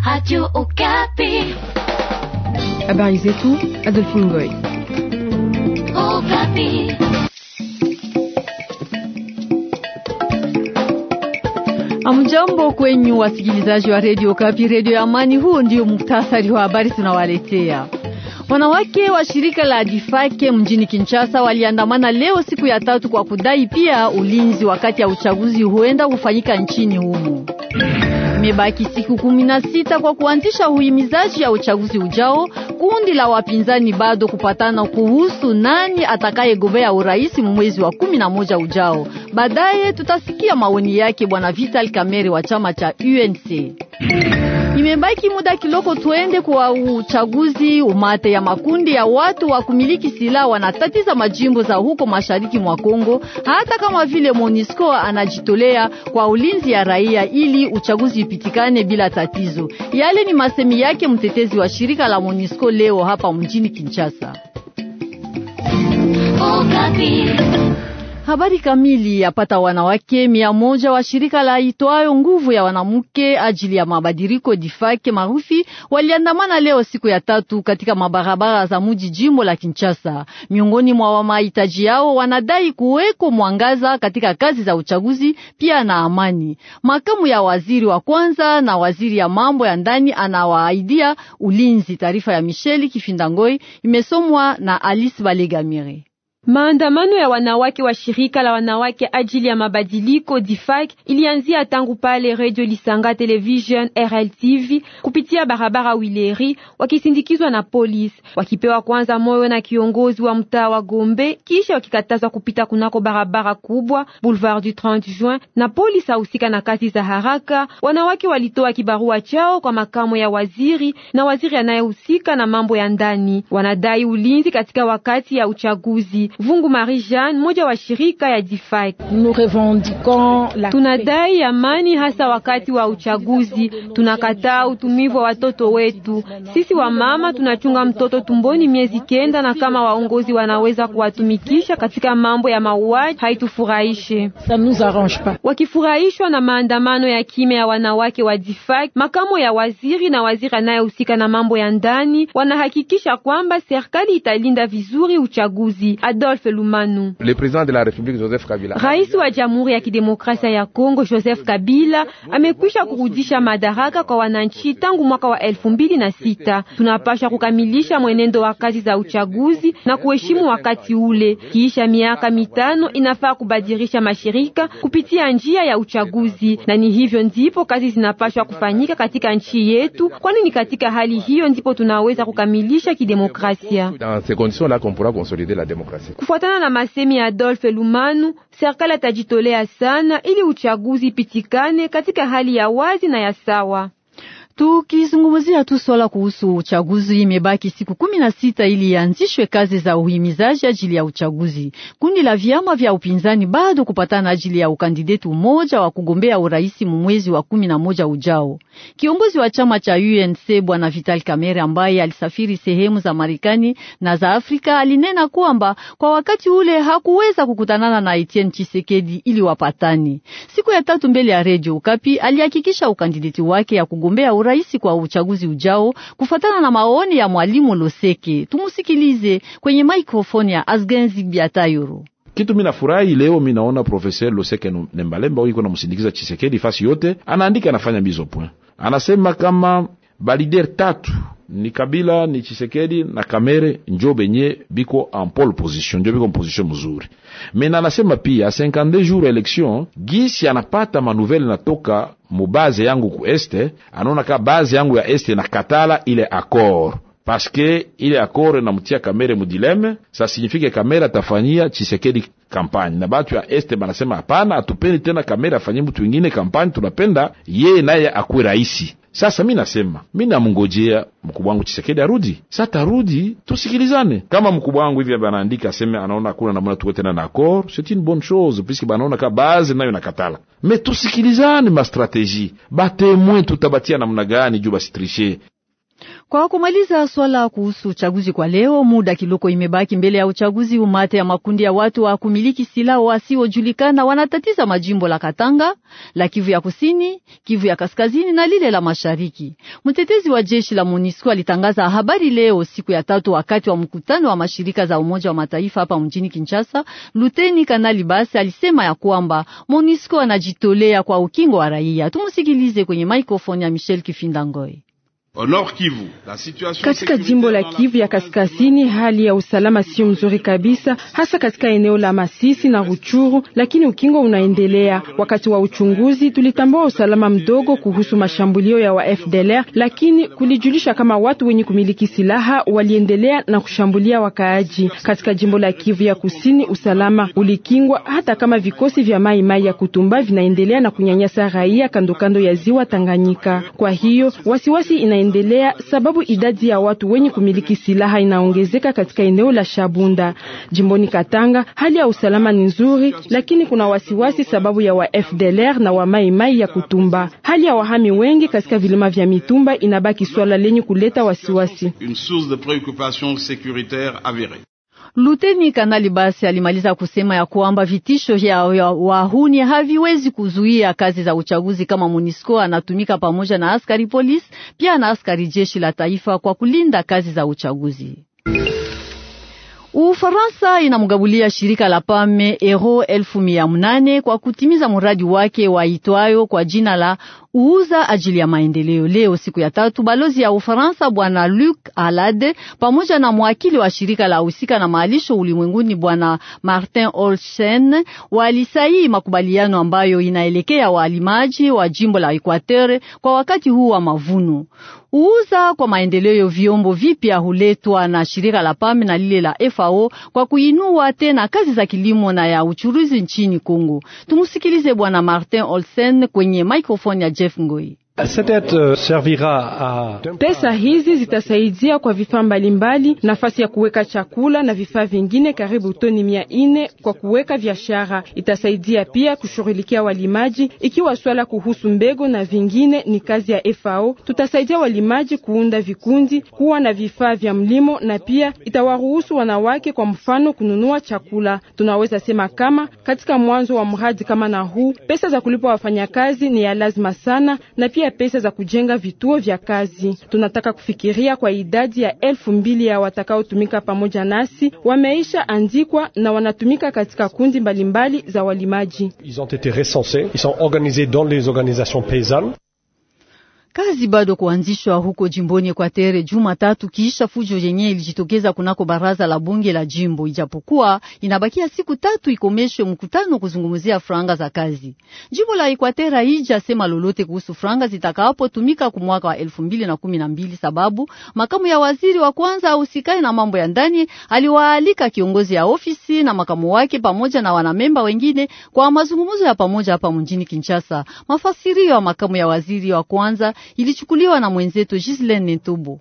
Radio Okapi. Habari zetu Adolphe Ngoy. Okapi. Amjambo kwenyu wasikilizaji wa Radio Okapi, Radio ya Amani. Huu ndio muktasari wa habari tunawaletea. Wanawake wa shirika la Adifake mjini Kinshasa waliandamana leo siku ya tatu kwa kudai pia ulinzi wakati ya uchaguzi huenda kufanyika nchini humo. Imebaki siku kumi na sita kwa kuanzisha uhimizaji ya uchaguzi ujao. Kundi la wapinzani bado kupatana kuhusu nani atakayegombea urais mwezi wa kumi na moja ujao. Baadaye tutasikia maoni yake Bwana Vital Kamerhe wa chama cha UNC. Imebaki muda kiloko tuende kwa uchaguzi. Umate ya makundi ya watu wa kumiliki silaha wanatatiza majimbo za huko mashariki mwa Kongo, hata kama vile Monisco anajitolea kwa ulinzi ya raia ili uchaguzi ipitikane bila tatizo. Yale ni masemi yake mtetezi wa shirika la Monisco leo hapa mjini Kinshasa. Oh, Habari kamili yapata wanawake mia moja wa shirika la itwayo nguvu ya wanamke ajili ya mabadiriko difake marufi waliandamana leo siku ya tatu katika mabarabara za muji jimbo la Kinshasa. Miongoni mwa mahitaji yao wanadai kuweko mwangaza katika kazi za uchaguzi pia na amani. Makamu ya waziri wa kwanza na waziri ya mambo ya ndani anawaaidia ulinzi. Taarifa ya Michelle Kifindangoi imesomwa na Alice Balegamire. Maandamano ya wanawake wa shirika la wanawake ajili ya mabadiliko DIFAK ilianzia tangu pale Radio Lisanga Television RLTV kupitia barabara Wileri, wakisindikizwa na polisi, wakipewa kwanza moyo na kiongozi wa mtaa wa Gombe, kisha wakikatazwa kupita kunako barabara kubwa Boulevard du 30 Juin na polisi ahusika na kazi za haraka. Wanawake walitoa kibarua chao kwa makamo ya waziri na waziri anayehusika na mambo ya ndani, wanadai ulinzi katika wakati ya uchaguzi. Vungu Marie Jeanne, mmoja wa shirika ya Jifai. Tunadai amani hasa wakati wa uchaguzi. Tunakataa utumivu wa watoto wetu. Sisi wa mama tunachunga mtoto tumboni miezi kenda, na kama waongozi wanaweza kuwatumikisha katika mambo ya mauaji haitufurahishe. Wakifurahishwa na maandamano ya kimya ya wanawake wa Jifai, makamo ya waziri na waziri anayehusika na mambo ya ndani wanahakikisha kwamba serikali italinda vizuri uchaguzi Ad Rodolphe Lumanu. Le président de la République Joseph Kabila. Rais wa Jamhuri ya Kidemokrasia ya Kongo Joseph Kabila amekwisha kurudisha madaraka kwa wananchi tangu mwaka wa elfu mbili na sita. Tunapasha kukamilisha mwenendo wa kazi za uchaguzi na kuheshimu wakati ule. Kiisha miaka mitano inafaa kubadilisha mashirika kupitia njia ya uchaguzi, na ni hivyo ndipo kazi zinapashwa kufanyika katika nchi yetu, kwani ni katika hali hiyo ndipo tunaweza kukamilisha kidemokrasia. Dans ces conditions là qu'on pourra consolider la démocratie. Kufuatana na masemi ya Adolphe Lumanu, serikali atajitolea sana ili uchaguzi ipitikane katika hali ya wazi na ya sawa. Tukizungumzia tu swala kuhusu uchaguzi, imebaki siku kumi na sita ili ianzishwe kazi za uhimizaji ajili ya uchaguzi. Kundi la vyama vya upinzani bado kupatana ajili ya ukandideti mmoja wa kugombea urais mwezi wa kumi na moja ujao. Kiongozi wa chama cha UNC Bwana Vital Kamerhe ambaye alisafiri sehemu za Marekani na za Afrika alinena kwamba kwa wakati ule hakuweza kukutanana na Etienne Tshisekedi ili wapatane. Siku ya tatu mbele ya redio Ukapi, alihakikisha ukandideti wake ya kugombea urais rahisi kwa uchaguzi ujao kufuatana na maoni ya mwalimu Loseke. Tumusikilize kwenye mikrofoni ya Asgenzi Biatayuru. Kitu nafurahi leo minaona Professeur Loseke Nembalemba huyu kuna msindikiza Chisekedi fasi yote, anaandika anafanya mizo point, anasema kama balider tatu ni Kabila ni Chisekedi na Kamere njo benye biko en pole position, njo biko position mzuri. Mena nasema pia 52 jours election gisi anapata manuveli natoka mubaze yangu ku este, anaona ka baze yangu ya este na katala ile accord paske ile na mutia Kamere mudileme, sa signifike Kamere atafanyia Chisekedi kampani na batu ya este banasema hapana, atupeni tena Kamere afanyie mtu wengine kampani, tunapenda yeye naye akuwe raisi sasa mi nasema mi namngojea mkubwa wangu Chisekedi arudi, sa tarudi tusikilizane. Kama mkubwa wangu hivi banaandika aseme anaona kuna namona tuko tena na akor, c'est une bonne chose puisque banaona ka baze nayo nakatala, me tusikilizane ma strategie, batemwe tutabatia namna gani juu basitrishe kwa kumaliza swala kuhusu uchaguzi kwa leo, muda kiloko imebaki mbele ya uchaguzi. Umate ya makundi ya watu wa kumiliki silaha wasiojulikana wanatatiza majimbo la Katanga, la Kivu ya Kusini, Kivu ya Kaskazini na lile la Mashariki. Mtetezi wa jeshi la MONUSCO alitangaza habari leo siku ya tatu, wakati wa mkutano wa mashirika za Umoja wa Mataifa hapa mjini Kinshasa. Luteni Kanali Basi alisema ya kwamba MONUSCO anajitolea kwa ukingo wa raia. Tumsikilize kwenye mikrofoni ya Michel Kifinda Kivu, la katika jimbo la Kivu ya kaskazini, hali ya usalama sio mzuri kabisa, hasa katika eneo la Masisi na Ruchuru, lakini ukingo unaendelea. Wakati wa uchunguzi tulitambua usalama mdogo kuhusu mashambulio ya wa FDLR, lakini kulijulisha kama watu wenye kumiliki silaha waliendelea na kushambulia wakaaji. Katika jimbo la Kivu ya kusini usalama ulikingwa, hata kama vikosi vya Mai Mai ya Kutumba vinaendelea na kunyanyasa raia kandokando ya ziwa Tanganyika. Kwa hiyo wasiwasi wasi inaendelea sababu idadi ya watu wenye kumiliki silaha inaongezeka katika eneo la Shabunda jimboni Katanga. Hali ya usalama ni nzuri, lakini kuna wasiwasi sababu ya wa FDLR na wa maimai ya kutumba. Hali ya wahami wengi katika vilima vya mitumba inabaki swala lenye kuleta wasiwasi. Luteni Kanali basi alimaliza kusema ya kwamba vitisho vya wahuni haviwezi kuzuia kazi za uchaguzi kama MONUSCO anatumika pamoja na askari polisi pia na askari jeshi la taifa kwa kulinda kazi za uchaguzi. Ufaransa inamgabulia shirika la Pame euro elfu mia munane kwa kutimiza mradi wake waitwayo kwa jina la uuza ajili ya maendeleo. Leo siku ya tatu, balozi ya Ufaransa bwana Luc Alade pamoja na mwakili wa shirika la husika na maalisho ulimwenguni bwana Martin Olsen walisaini makubaliano ambayo inaelekea waalimaji wa jimbo la Equateur kwa wakati huu wa mavuno. Uuza kwa maendeleo vyombo vipya huletwa na shirika la PAM e na lile la FAO kwa kuinua tena kazi za kilimo na ya uchuruzi nchini Kongo. Tumusikilize bwana Martin Olsen kwenye microphone ya J prostě fungují. Euh, pesa hizi zitasaidia kwa vifaa mbalimbali, nafasi ya kuweka chakula na vifaa vingine karibu toni mia ine kwa kuweka biashara. Itasaidia pia kushughulikia walimaji, ikiwa swala kuhusu mbegu na vingine ni kazi ya FAO. Tutasaidia walimaji kuunda vikundi, kuwa na vifaa vya mlimo, na pia itawaruhusu wanawake, kwa mfano, kununua chakula. Tunaweza sema kama katika mwanzo wa mradi kama na huu, pesa za kulipa wafanyakazi ni ya lazima sana, na pia kuwapatia pesa za kujenga vituo vya kazi. Tunataka kufikiria kwa idadi ya elfu mbili ya watakaotumika pamoja nasi, wameisha andikwa na wanatumika katika kundi mbalimbali za walimaji. Ils ont été recensés, ils sont organisés dans les organisations paysannes. Kazi bado kuanzishwa huko jimboni Ekwatere Jumatatu kiisha fujo yenye ilijitokeza kunako baraza la bunge la jimbo, ijapokuwa inabakia siku tatu ikomeshwe mkutano kuzungumzia franga za kazi. Jimbo la Ekwatere sema lolote kuhusu franga zitakapotumika kwa mwaka wa 2012 sababu makamu ya waziri wa kwanza ahusikaye na mambo ya ndani aliwaalika kiongozi ya ofisi na makamu wake pamoja na wanamemba wengine kwa mazungumzo ya pamoja hapa mjini Kinshasa. Mafasirio ya makamu ya waziri wa kwanza ilichukuliwa na mwenzetu Gislaine Ntobo.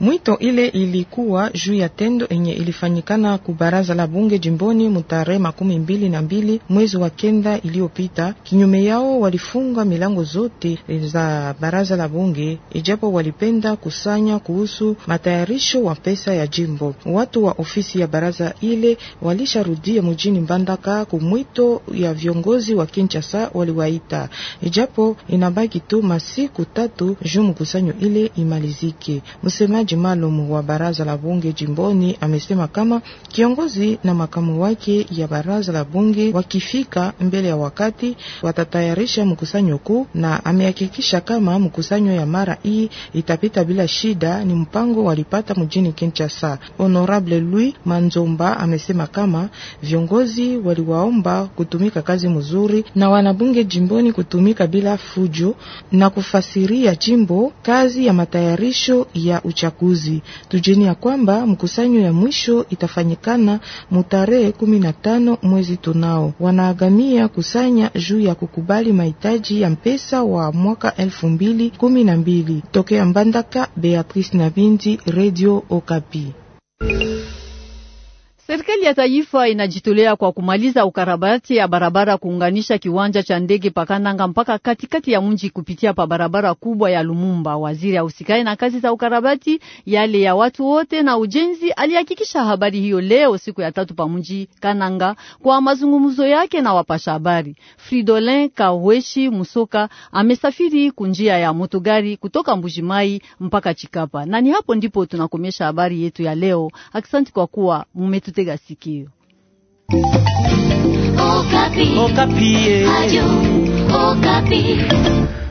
Mwito ile ilikuwa juu ya tendo enye ilifanyikana ku baraza la bunge jimboni mutare makumi mbili na mbili mwezi wa kenda iliyopita. Kinyume yao walifunga milango zote za baraza la bunge, ijapo walipenda kusanya kuhusu matayarisho wa pesa ya jimbo. Watu wa ofisi ya baraza ile walisharudia mjini Mbandaka ku mwito ya viongozi wa Kinshasa waliwaita, ijapo inabaki tu masiku tatu juu mkusanyo ile imalizike Muse Msemaji maalum wa baraza la bunge jimboni amesema kama kiongozi na makamu wake ya baraza la bunge wakifika mbele ya wakati watatayarisha mkusanyo kuu, na amehakikisha kama mkusanyo ya mara hii itapita bila shida. Ni mpango walipata mjini Kinshasa. Honorable Louis Manzomba amesema kama viongozi waliwaomba kutumika kazi mzuri na wanabunge jimboni kutumika bila fujo na kufasiria jimbo kazi ya matayarisho ya uchaguzi. Tujeni ya kwamba mkusanyo ya mwisho itafanyikana mutarehe kumi na tano mwezi tunao. Wanaagamia kusanya juu ya kukubali mahitaji ya mpesa wa mwaka elfu mbili kumi na mbili. Tokea Mbandaka, Beatrice Nabindi, Radio Okapi. Serikali ya taifa inajitolea kwa kumaliza ukarabati ya barabara kuunganisha kiwanja cha ndege Pakananga mpaka katikati ya mji kupitia pa barabara kubwa ya Lumumba. Waziri ausikani na kazi za ukarabati yale ya watu wote na ujenzi alihakikisha habari hiyo leo siku ya tatu pa mji Kananga kwa mazungumzo yake na wapasha habari. Fridolin Kaweshi Musoka amesafiri kunjia ya motogari kutoka Mbujimai mpaka Chikapa, na ni hapo ndipo tunakomesha habari yetu ya leo. Asante kwa kuwa mmetu tutega sikio. Okapi. Okapi. Eh. Okapi.